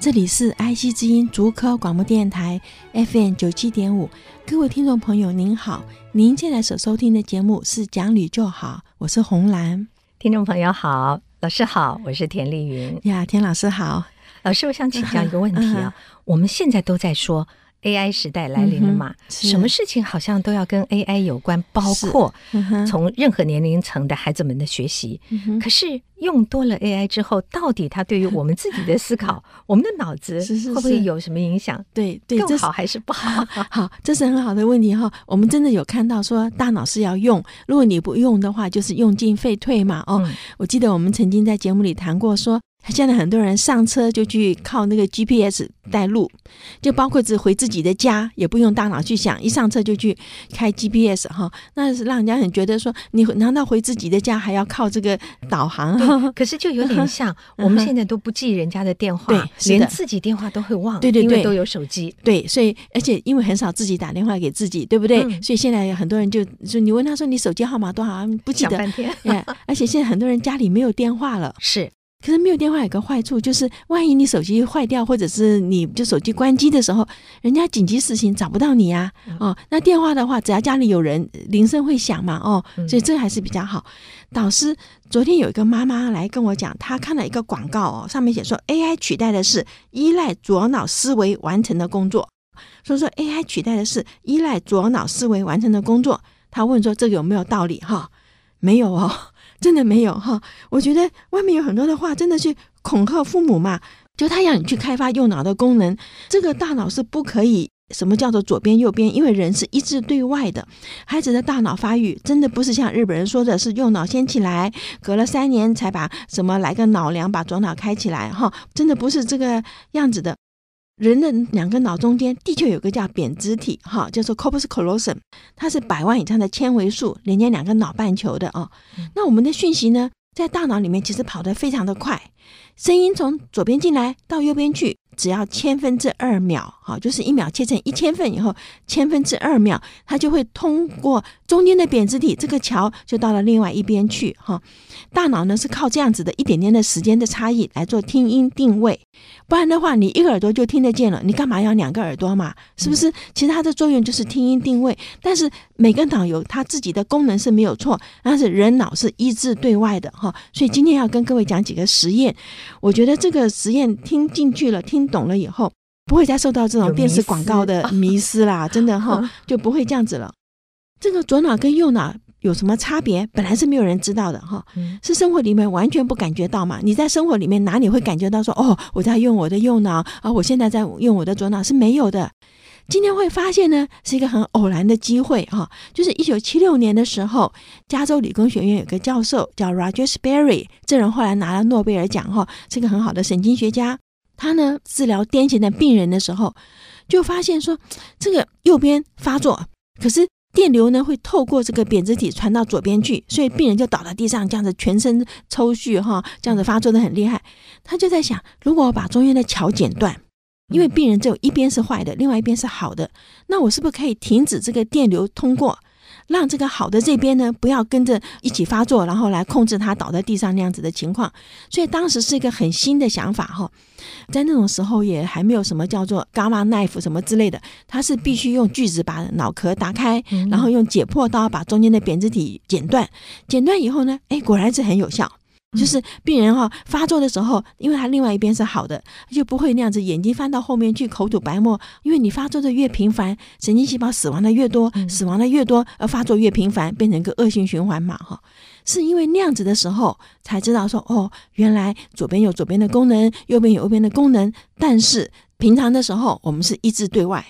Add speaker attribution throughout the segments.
Speaker 1: 這裡是 IC 之音竹科廣播電台 FM 九七點五，各位聽眾朋友您好，您現在所收聽的節目是講理就好，我是洪蘭。聽眾朋友好，老師好，我是田麗雲。呀，
Speaker 2: 田老師好，老師，我想請教一個問題啊，嗯嗯，我們現在都在說。AI 時代來臨了嘛、嗯啊？什麼事情，好像都要跟 AI 有關，包括從任何年齡層的孩子們的學習、嗯。可是用多了 AI 之後，到底它對
Speaker 1: 於我們自己的思考，嗯、我們的腦子會不會有什麼影響？對，對，更好還是不好？好，不好， 好，這是很好的問題哈。我們真的有看到說，大腦是要用，如果你不用的話，就是用進廢退嘛。哦、嗯，我記得我們曾經在節目裡談過說。現在很多人上車就去靠那個 GPS 帶路，就包括是回自己的家也不用大腦去想，一上車就去開 GPS 哈，那是讓人家很覺得說，你難道回自己的家還要靠這個導航？對，呵呵，可是就有點像呵呵，我們現在都不記人家的電話、嗯對的，連自
Speaker 2: 己電話都會
Speaker 1: 忘，對對對，都有手機，對，所以而且因為很少自己打電話給自己，對不對、嗯？所以現在很多人就說，你問他說，你手機號碼多少？不記得，半天 而且現在很多人家裡沒有電話了，是。可是沒有電話有個壞處，就是萬一你手機壞掉，或者是你就手機關機的時候，人家緊急事情找不到你啊！哦，那電話的話，只要家裡有人，鈴聲會響嘛，哦，所以這還是比較好。導師昨天有一個媽媽來跟我講，她看了一個廣告哦，上面寫說 AI 取代的是依賴左腦思維完成的工作，所以說 AI 取代的是依賴左腦思維完成的工作。她問說這個有沒有道理？哈、哦，沒有哦。真的沒有哈，我覺得外面有很多的話，真的是恐嚇父母嘛？就他讓你去開發右腦的功能，這個大腦是不可以什麼叫做左邊右邊，因為人是一致對外的。孩子的大腦發育真的不是像日本人說的是右腦先起來，隔了三年才把什麼來個腦樑把左腦開起來哈，真的不是這個樣子的。人的兩個腦中間的確有個叫胼胝體，哈，叫做 corpus callosum，它是百萬以上的纖維束連接兩個腦半球的哦。那我們的訊息呢，在大腦裡面其實跑得非常的快，聲音從左邊進來到右邊去，只要千分之二秒，哈，就是一秒切成一千份以後，千分之二秒，它就會通過。中間的胼胝體，這個橋就到了另外一邊去哈。大腦呢，是靠這樣子的一點點的時間的差異來做聽音定位，不然的話，你一個耳朵就聽得見了，你幹嘛要兩個耳朵嘛？是不是？其實它的作用就是聽音定位，但是每個腦有它自己的功能是沒有錯，但是人腦是一致對外的哈。所以今天要跟各位講幾個實驗，我覺得這個實驗聽進去了、聽懂了以後，不會再受到這種電視廣告的迷思啦迷，真的哈， 就不會這樣子了。這個左腦跟右腦有什麼差別？本來是沒有人知道的哈、哦，是生活裡面完全不感覺到嘛？你在生活裡面哪裡會感覺到說哦，我在用我的右腦而、啊、我現在在用我的左腦是沒有的。今天會發現呢，是一個很偶然的機會哈、哦，就是一九七六年的時候，加州理工學院有個教授叫 Roger Sperry，這人後來拿了諾貝爾獎哈、哦，是一個很好的神經學家。他呢治療癲癇的病人的時候，就發現說這個右邊發作，可是，電流呢會透過這個胼胝體傳到左邊去，所以病人就倒到地上，這樣子全身抽搐哈，這樣子發作得很厲害。他就在想，如果我把中間的橋剪斷，因為病人只有一邊是壞的，另外一邊是好的，那我是不是可以停止這個電流通過？讓這個好的這邊呢，不要跟着一起發作，然後來控制他倒在地上那樣子的情況。所以當時是一個很新的想法哈、哦，在那種時候也還沒有什麼叫做伽馬 knife 什麼之類的，他是必須用鋸子把腦殼打開，然後用解剖刀把中間的胼胝體剪斷，剪斷以後呢，哎，果然是很有效。 就是病人哈、哦、發作的時候，因為他另外一邊是好的，就不會那樣子眼睛，翻到後面去，口吐白沫。因為你發作的越頻繁，神經細胞死亡的越多，死亡的越多，而發作越頻繁，變成一個惡性循環嘛哈。是因為那樣子的時候才知道說哦，原來左邊有左邊的功能，右邊有右邊的功能。但是平常的時候我們是一致對外，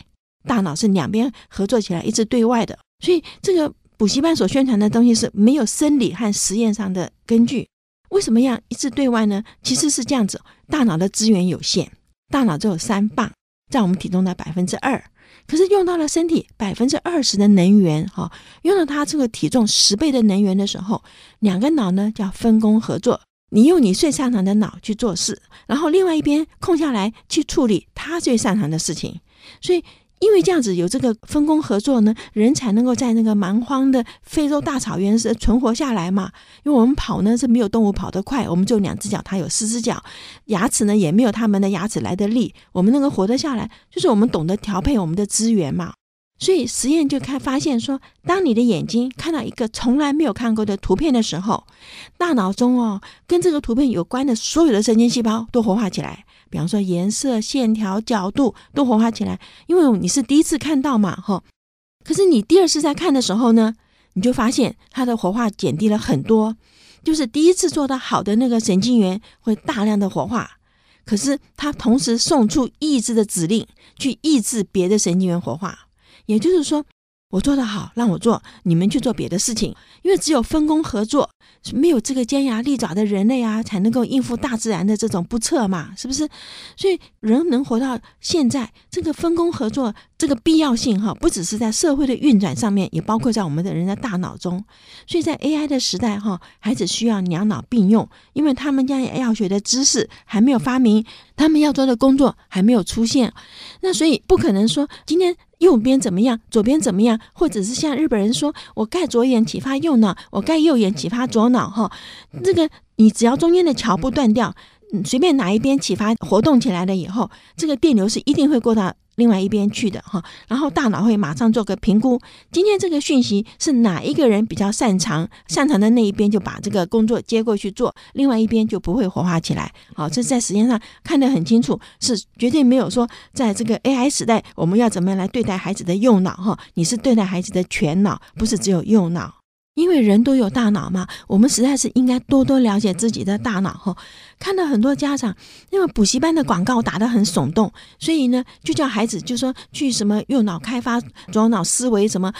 Speaker 1: 大腦是兩邊合作起來一致對外的。所以這個補習班所宣傳的東西是沒有生理和實驗上的根據。為什麼要一致對外呢？其實是這樣子：大腦的資源有限，大腦只有三磅，佔我們體重的百分之二。可是用到了身體百分之二十的能源，哈、哦，用了它這個體重十倍的能源的時候，兩個腦呢叫分工合作。你用你最擅長的腦去做事，然後另外一邊空下來去處理他最擅長的事情。所以。因為這樣子有這個分工合作呢，人才能夠在那個蠻荒的非洲大草原上存活下來嘛。因為我們跑呢是沒有動物跑得快，我們就兩隻腳，它有四隻腳，牙齒呢也沒有它們的牙齒來得利，我們能夠活得下來，就是我們懂得調配我們的資源嘛。所以實驗就開發現說，當你的眼睛看到一個從來沒有看過的圖片的時候，大腦中哦跟這個圖片有關的所有的神經細胞都活化起來。比方說顏色、線條、角度都活化起來，因為你是第一次看到嘛，哈、哦。可是你第二次在看的時候呢，你就發現它的活化減低了很多。就是第一次做得好的那個神經元會大量的活化，可是它同時送出抑制的指令去抑制別的神經元活化。也就是說，我做得好，讓我做，你們去做別的事情，因為只有分工合作。沒有這個尖牙利爪的人類啊，才能夠應付大自然的這種不測嘛，是不是？所以人能活到現在，這個分工合作這個必要性哈，不只是在社會的運轉上面，也包括在我們的人的大腦中。所以在 AI 的時代哈，孩子需要兩腦並用，因為他們將要學的知識還沒有發明，他們要做的工作還沒有出現，那所以不可能說今天。右邊怎麼樣？左邊怎麼樣？或者是像日本人說，我蓋左眼啟發右腦，我蓋右眼啟發左腦，哈，這個你只要中間的橋不斷掉，隨便哪一邊啟發活動起來了以後，這個電流是一定會過到。另外一邊去的哈，然後大腦會馬上做個評估，今天這個訊息是哪一個人比較擅長，擅長的那一邊就把這個工作接過去做，另外一邊就不會活化起來。好，這在時間上看得很清楚，是絕對沒有說，在這個 AI 時代，我們要怎麼樣來對待孩子的右腦？哈，你是對待孩子的全腦，不是只有右腦。因為人都有大腦嘛，我們實在是應該多多了解自己的大腦哈。看到很多家長因為補習班的廣告打得很聳動，所以呢就叫孩子就說去什麼右腦開發、左腦思維什麼，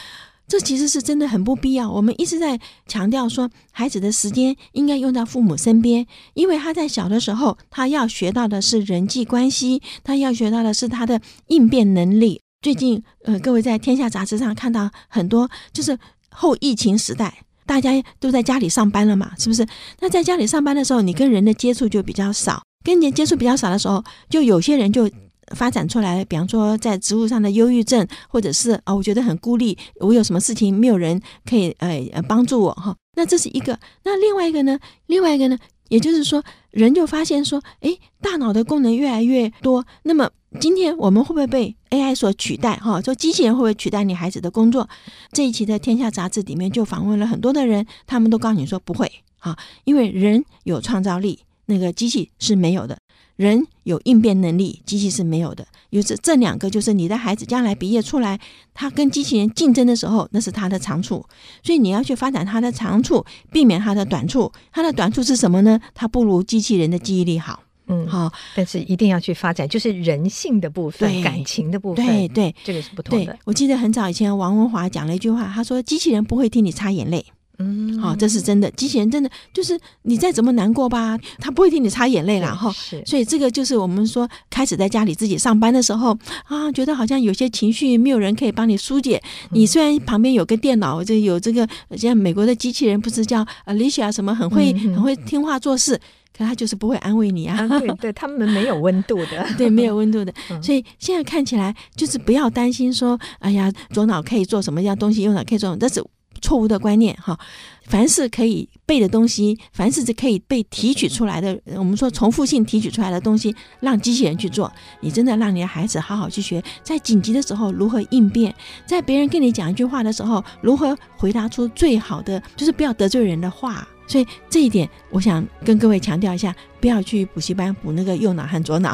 Speaker 1: 這其實是真的很不必要。我們一直在強調說，孩子的時間應該用在父母身邊，因為他在小的時候，他要學到的是人際關係，他要學到的是他的應變能力。最近，呃，各位在《天下》雜誌上看到很多就是。後疫情時代，大家都在家裡上班了嘛，是不是？那在家裡上班的時候，你跟人的接觸就比較少，跟人接觸比較少的時候，就有些人就發展出來，比方說在職務上的憂鬱症，或者是啊、哦，我覺得很孤立，我有什麼事情沒有人可以呃幫助我哈。那這是一個，那另外一個呢？另外一個呢？也就是說，人就發現說，誒，大腦的功能越來越多，那麼。今天我們會不會被 AI 所取代？哈，說機器人會不會取代你孩子的工作？這一期的《天下雜誌》裡面就訪問了很多的人，他們都告訴你說不會，哈，因為人有創造力，那個機器是沒有的；人有應變能力，機器是沒有的。有這這兩個，就是你的孩子將來畢業出來，他跟機器人競爭的時候，那是他的長處。所以你要去發展他的長處，避免他的短處。他的短處是什麼呢？他不如機器人的記憶力好。嗯，好、嗯，但是一定要去發展，嗯、就是人性的部分，對感情的部分，對對，這個是不同的。我記得很早以前，王文華講了一句話，他說：“機器人不會替你擦眼淚。”嗯，好、哦，這是真的，機器人真的就是你再怎麼難過吧，嗯、他不會替你擦眼淚了哈。所以這個就是我們說開始在家裡自己上班的時候啊，覺得好像有些情緒沒有人可以幫你疏解、嗯。你雖然旁邊有個電腦，這有這個現在美國的機器人不是叫 Alicia 什麼，很會很會聽話做事。嗯嗯嗯他就是不會安慰你啊！啊對，對他們沒有溫度的， 對，沒有溫度的。嗯。所以現在看起來就是不要擔心說，哎呀，左腦可以做什麼樣東西，右腦可以做什麼，這是錯誤的觀念哈，哦。凡是可以背的東西，凡是是可以被提取出來的，我們說重複性提取出來的東西，讓機器人去做。你真的讓你的孩子好好去學，在緊急的時候如何應變，在別人跟你講一句話的時候，如何回答出最好的，就是不要得罪人的話。所以這一點，我想跟各位強調一下，不要去補習班補那個右腦和左腦。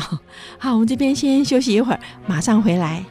Speaker 1: 好，我們這邊先休息一會兒，馬上回來。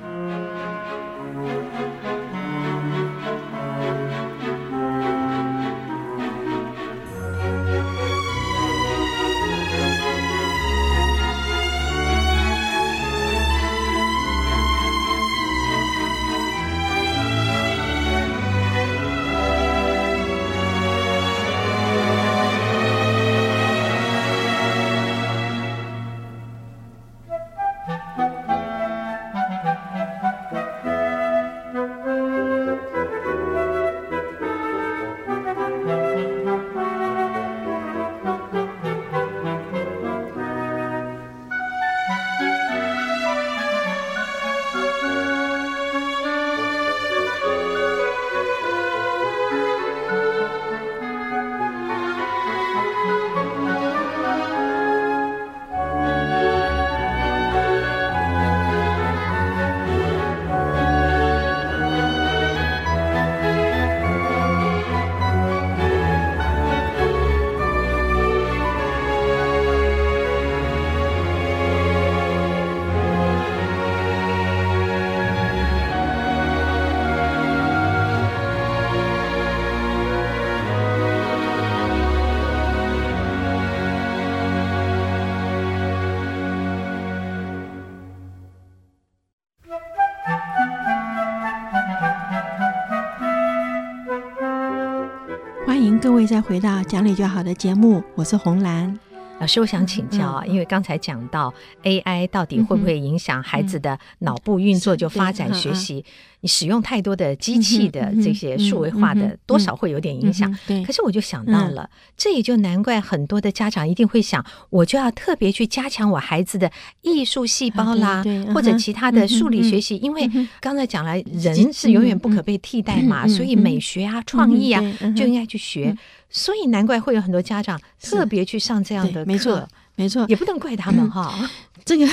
Speaker 1: 歡迎各
Speaker 2: 位再回到《講理就好》的節目，我是洪蘭。老師，我想請教啊，因為剛才講到 AI 到底會不會影響孩子的腦部運作，就發展學習？你使用太多的機器的這些數位化的，多少會有點影響。可是我就想到了，這也就難怪很多的家長一定會想，我就要特別去加強我孩子的藝術細胞啦，或者其他的數理學習。因為剛才講了，人是永遠不可被替代嘛，所以美學啊、創意啊，就應該去學。所以難怪會有很多家長特別去上這樣的課，沒錯，沒錯，也不能怪他們哈
Speaker 1: 這個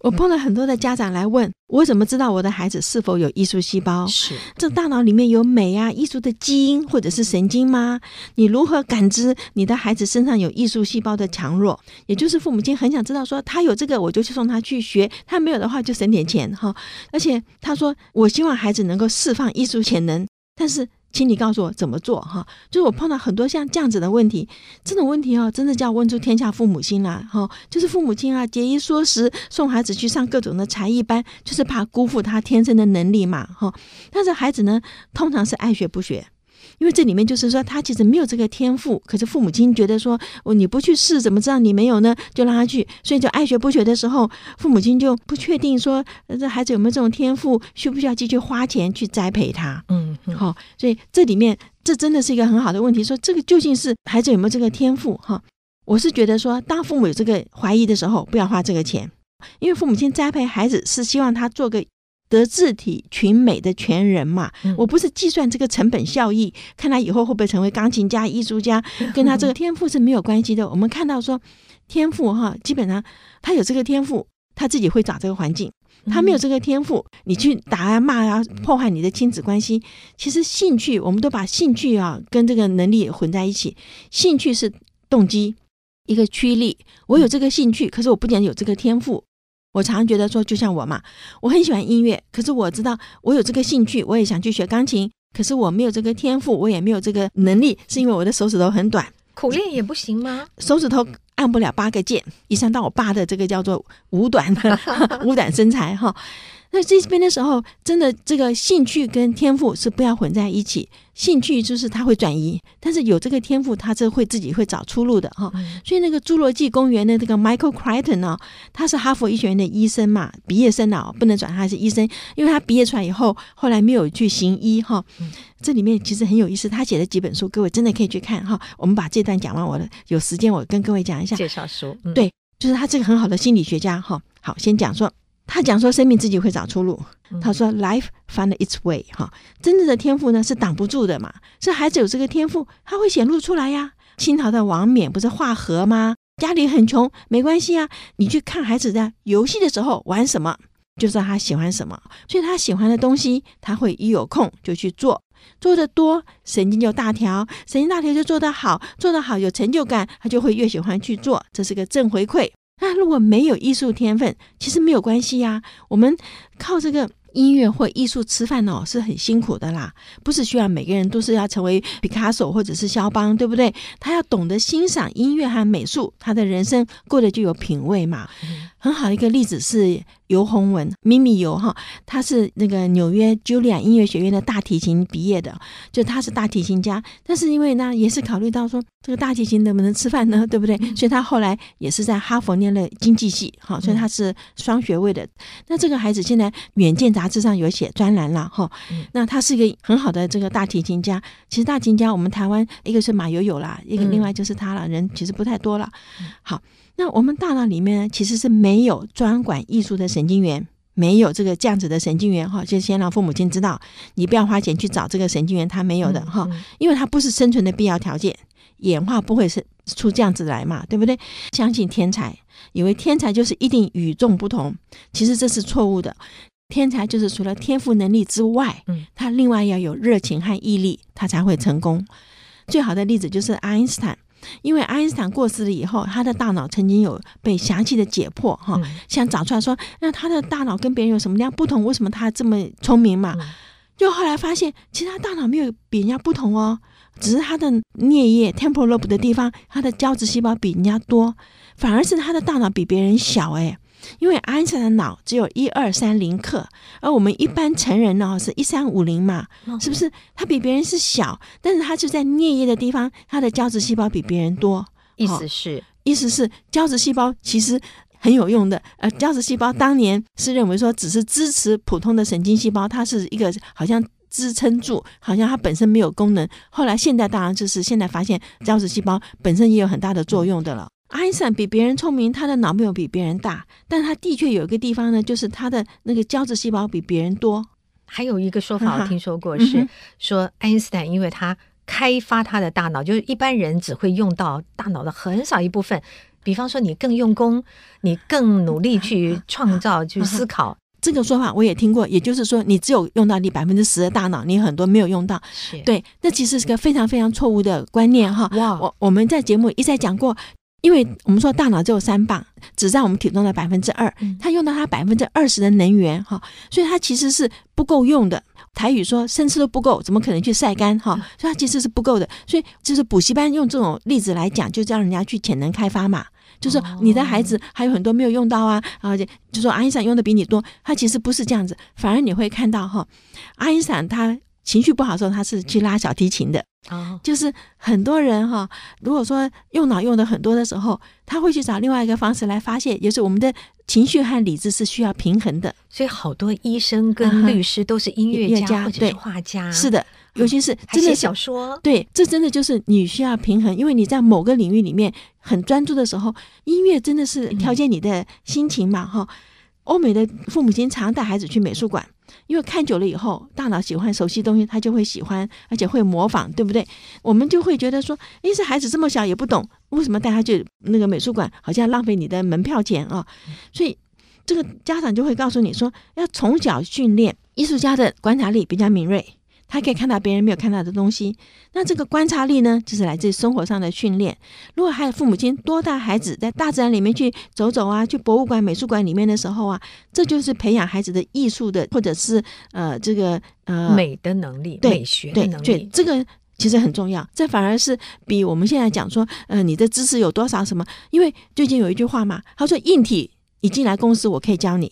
Speaker 1: 我碰到很多的家長來問，我怎麼知道我的孩子是否有藝術細胞？是這大腦裡面有美啊、藝術的基因或者是神經嗎？你如何感知你的孩子身上有藝術細胞的強弱？也就是父母親很想知道，說他有這個我就去送他去學，他沒有的話就省點錢哈。而且他說，我希望孩子能夠釋放藝術潛能，但是。請你告訴我怎麼做哈？就是我碰到很多像這樣子的問題，這種問題啊，真的叫問出天下父母心啦哈！就是父母親啊，節衣縮食送孩子去上各種的才藝班，就是怕辜負他天生的能力嘛哈。但是孩子呢，通常是愛學不學。因為這裡面就是說，他其實沒有這個天賦，可是父母親覺得說，哦，你不去試怎麼知道你沒有呢？就讓他去，所以就愛學不學的時候，父母親就不確定說，呃，這孩子有沒有這種天賦，需不需要繼續花錢去栽培他？嗯，好，嗯哦，所以這裡面這真的是一個很好的問題，說這個究竟是孩子有沒有這個天賦？哈，哦，我是覺得說，當父母有這個懷疑的時候，不要花這個錢，因為父母親栽培孩子是希望他做個。德智體群美的全人嘛，我不是計算這個成本效益，看他以後會不會成為鋼琴家、藝術家，跟他這個天賦是沒有關係的。 我們看到說，天賦哈，基本上他有這個天賦，他自己會找這個環境；他沒有這個天賦，你去打啊、罵啊、破壞你的親子關係。其實興趣，我們都把興趣啊跟這個能力混在一起。興趣是動機，一個驅力。我有這個興趣，可是我不僅有這個天賦。我常覺得說，就像我嘛，我很喜歡音樂，可是我知道我有這個興趣，我也想去學鋼琴，可是我沒有這個天賦，我也沒有這個能力，是因為我的手指頭很短，苦練也不行嗎？手指頭按不了八個鍵，一想到我爸的這個叫做五短的， 五短身材哈。那這邊的時候，真的這個興趣跟天賦是不要混在一起。興趣就是他會轉移，但是有這個天賦，他是會自己會找出路的哈、嗯。所以那個《侏羅紀公園》的那個 Michael Crichton 呢、哦，他是哈佛醫學院的醫生嘛，畢業生哦，不能轉，他是醫生，因為他畢業出來以後，後來沒有去行醫哈、嗯。這裡面其實很有意思，他寫的幾本書，各位真的可以去看哈、嗯。我們把這段講完，我有時間我跟各位講一下介紹書、嗯。對，就是他是個很好的心理學家哈。好，先講說。他講說，生命自己會找出路。他說，Life found its way。哈，真正的天賦呢是擋不住的嘛。是孩子有這個天賦，他會顯露出來呀。清朝的王冕不是畫荷嗎？家裡很窮沒關係啊。你去看孩子在遊戲的時候玩什麼，就知道他喜歡什麼。所以他喜歡的東西，他會一有空就去做。做得多，神經就大條，神經大條就做得好，做得好有成就感，他就會越喜歡去做。這是個正回饋。那如果沒有藝術天分，其實沒有關係呀、啊。我們靠這個音樂或藝術吃飯哦，是很辛苦的啦。不是需要每個人都是要成為畢卡索或者是肖邦，對不對？他要懂得欣賞音樂和美術，他的人生過得就有品味嘛。嗯、很好一個例子是，尤虹文，咪咪尤哈，他是那個紐約茱莉亞音樂學院的大提琴畢業的，就他是大提琴家。但是因為呢，也是考慮到說這個大提琴能不能吃飯呢，對不對？所以他後來也是在哈佛念了經濟系，哈，所以他是雙學位的。那這個孩子現在《遠見》雜誌上有寫專欄了，哈。那他是一個很好的這個大提琴家。其實大提琴家，我們台灣一個是馬友友啦，一個另外就是他了，人其實不太多了。嗯。好。那我們大腦裡面呢，其實是沒有專管藝術的神經元，沒有這個這樣子的神經元哈、哦。就先讓父母親知道，你不要花錢去找這個神經元，它沒有的哈、哦，因為它不是生存的必要條件，演化不會生出這樣子來嘛，對不對？相信天才，以為天才就是一定與眾不同，其實這是錯誤的。天才就是除了天賦能力之外，他另外要有熱情和毅力，他才會成功。最好的例子就是愛因斯坦。因為愛因斯坦過世了以後，他的大腦曾經有被詳細的解剖，哈，想找出來說，那他的大腦跟別人有什麼樣不同？為什麼他這麼聰明嘛？就後來發現，其他大腦沒有比人家不同哦，只是他的顳葉 （temporal lobe） 的地方，他的膠質細胞比人家多，反而是他的大腦比別人小，哎。因為愛因斯坦的腦只有一二三零克，而我們一般成人呢、哦、是一三五零嘛，是不是？他比別人是小，但是他就在顳葉的地方，他的膠質細胞比別人多。哦、意思是，意思是膠質細胞其實很有用的。呃，膠質細胞當年是認為說只是支持普通的神經細胞，它是一個好像支撐住，好像它本身沒有功能。後來現在當然就是現在發現膠質細胞本身也有很大的作用的了。愛因斯坦比別人聰明，他的腦沒有比別人大，但他的確有一個地方呢，就是他的那個膠質細胞比別人多。還有一
Speaker 2: 個說法，我聽說過、啊嗯、是說，愛因斯坦因為他開發他的大腦，就是一般人只會用到大腦的很少一部分。比方說，你更用功，你更
Speaker 1: 努力去創造、啊、去思考、啊。這個說法我也聽過，也就是說，你只有用到你百分之十的大腦，你很多沒有用到是。對，那其實是個非常非常錯誤的觀念哈、嗯。我我們在節目一再講過。因為我們說大腦只有三磅，只占我們體重的百分之二，它用到它百分之二十的能源哈、嗯哦，所以它其實是不夠用的。台語說生吃都不夠，怎麼可能去曬乾哈、哦？所以它其實是不夠的。所以就是補習班用這種例子來講，就讓人家去潛能開發嘛，就是、說你的孩子還有很多沒有用到啊，然、哦、後、啊、就說愛因斯坦用的比你多，它其實不是這樣子，反而你會看到哈，愛因斯坦他。情緒不好的時候，他是去拉小提琴的。哦，就是很多人哈，如果說用腦用的很多的時候，他會去找另外一個方式來發洩。也、就是我們的情緒和理智是需要平衡的。所以，好多醫生跟律師都是音樂家、啊哈、或者是畫家，音樂家，對，或
Speaker 2: 者是畫家。是的，
Speaker 1: 尤其是真的是還寫小說。對，這真的就是你需要平衡，因為你在某個領域裡面很專注的時候，音樂真的是調節你的心情嘛？哈、嗯，歐美的父母親常帶孩子去美術館。因為看久了以後，大腦喜歡熟悉東西，他就會喜歡，而且會模仿，對不對？我們就會覺得說，誒，這孩子這麼小也不懂，為什麼帶他去那個美術館？好像浪費你的門票錢啊、哦！所以，這個家長就會告訴你說，要從小訓練藝術家的觀察力，比較敏銳。他可以看到別人沒有看到的東西，那這個觀察力呢，就是來自於生活上的訓練。如果還有父母親多帶孩子在大自然裡面去走走啊，去博物館、美術館裡面的時候啊，這就是培養孩子的藝術的，或者是呃這個呃美的能力對、美學的能力對對。這個其實很重要，這反而是比我們現在講說，呃，你的知識有多少什麼？因為最近有一句話嘛，他說硬體一進來公司我可以教你，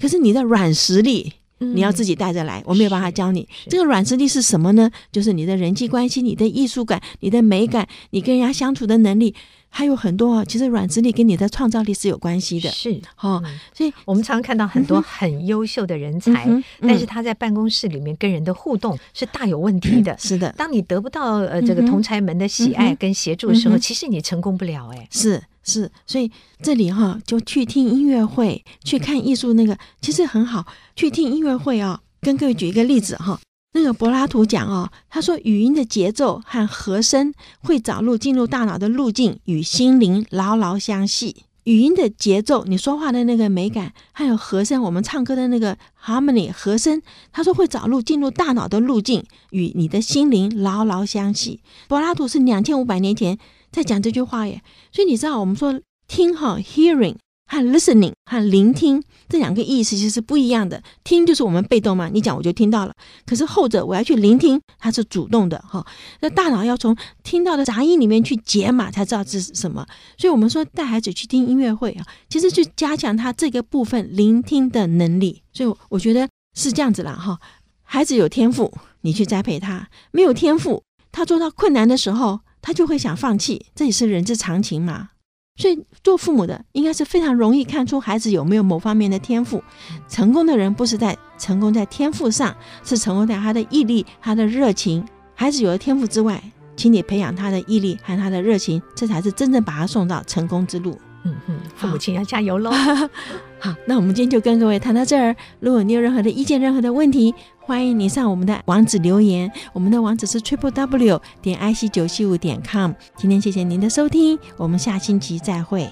Speaker 1: 可是你的軟實力。你要自己帶着來、嗯，我沒有辦法教你。這個軟實力是什麼呢？就是你的人際關係、嗯、你的藝術感、嗯、你的美感、你跟人家相處的能力，還有很多、哦。其實軟實力跟你的創造力是有關係的。是、嗯、哦，所以我們常常看到很多很優秀的人才、嗯，但是他在辦公室裡
Speaker 2: 面跟人的互動是大有問題的。嗯、是的，當你得不到呃這個同儕們的喜愛跟協助的時候，嗯嗯、其
Speaker 1: 實你成功不了。哎，是。是，所以這裡哈、哦，就去聽音樂會，去看藝術那個，其實很好。去聽音樂會啊、哦，跟各位舉一個例子哈、哦。那個柏拉圖講啊、哦，他說語音的節奏和和聲會找路進入大腦的路徑，與心靈牢牢相繫。語音的節奏，你說話的那個美感，還有和聲，我們唱歌的那個 harmony 和聲，他說會找路進入大腦的路徑，與你的心靈牢牢相繫。柏拉圖是兩千五百年前，在講這句話耶，所以你知道我們說聽哈，hearing 和 listening 和聆聽這兩個意思其實是不一樣的。聽就是我們被動嘛，你講我就聽到了。可是後者我要去聆聽，他是主動的哈、哦。那大腦要從聽到的雜音裡面去解碼，才知道這是什麼。所以，我們說帶孩子去聽音樂會啊，其實就加強他這個部分聆聽的能力。所以我覺得是這樣子啦哈、哦。孩子有天賦，你去栽培他；沒有天賦，他做到困難的時候。他就會想放棄，這也是人之常情嘛。所以做父母的應該是非常容易看出孩子有沒有某方面的天賦。成功的人不是在成功在天賦上，是成功在他的毅力、他的熱情。孩子有了天賦之外，請你培養他的毅力和他的熱情，這才是真正把他送到成功之路。嗯嗯，父母親要加油嘍。好。 好，那我們今天就跟各位談到這兒。如果你有任何的意見、任何的問題，歡迎您上我們的網址留言，我們的網址是 Triple W 點 IC 九七五點 com。今天謝謝您的收聽，我們下星期再會。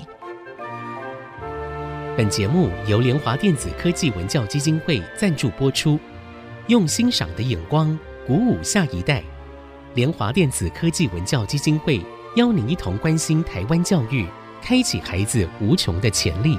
Speaker 2: 本節目由聯華電子科技文教基金會贊助播出，用欣賞的眼光鼓舞下一代。聯華電子科技文教基金會邀您一同關心台灣教育，開啟孩子無窮的潛力。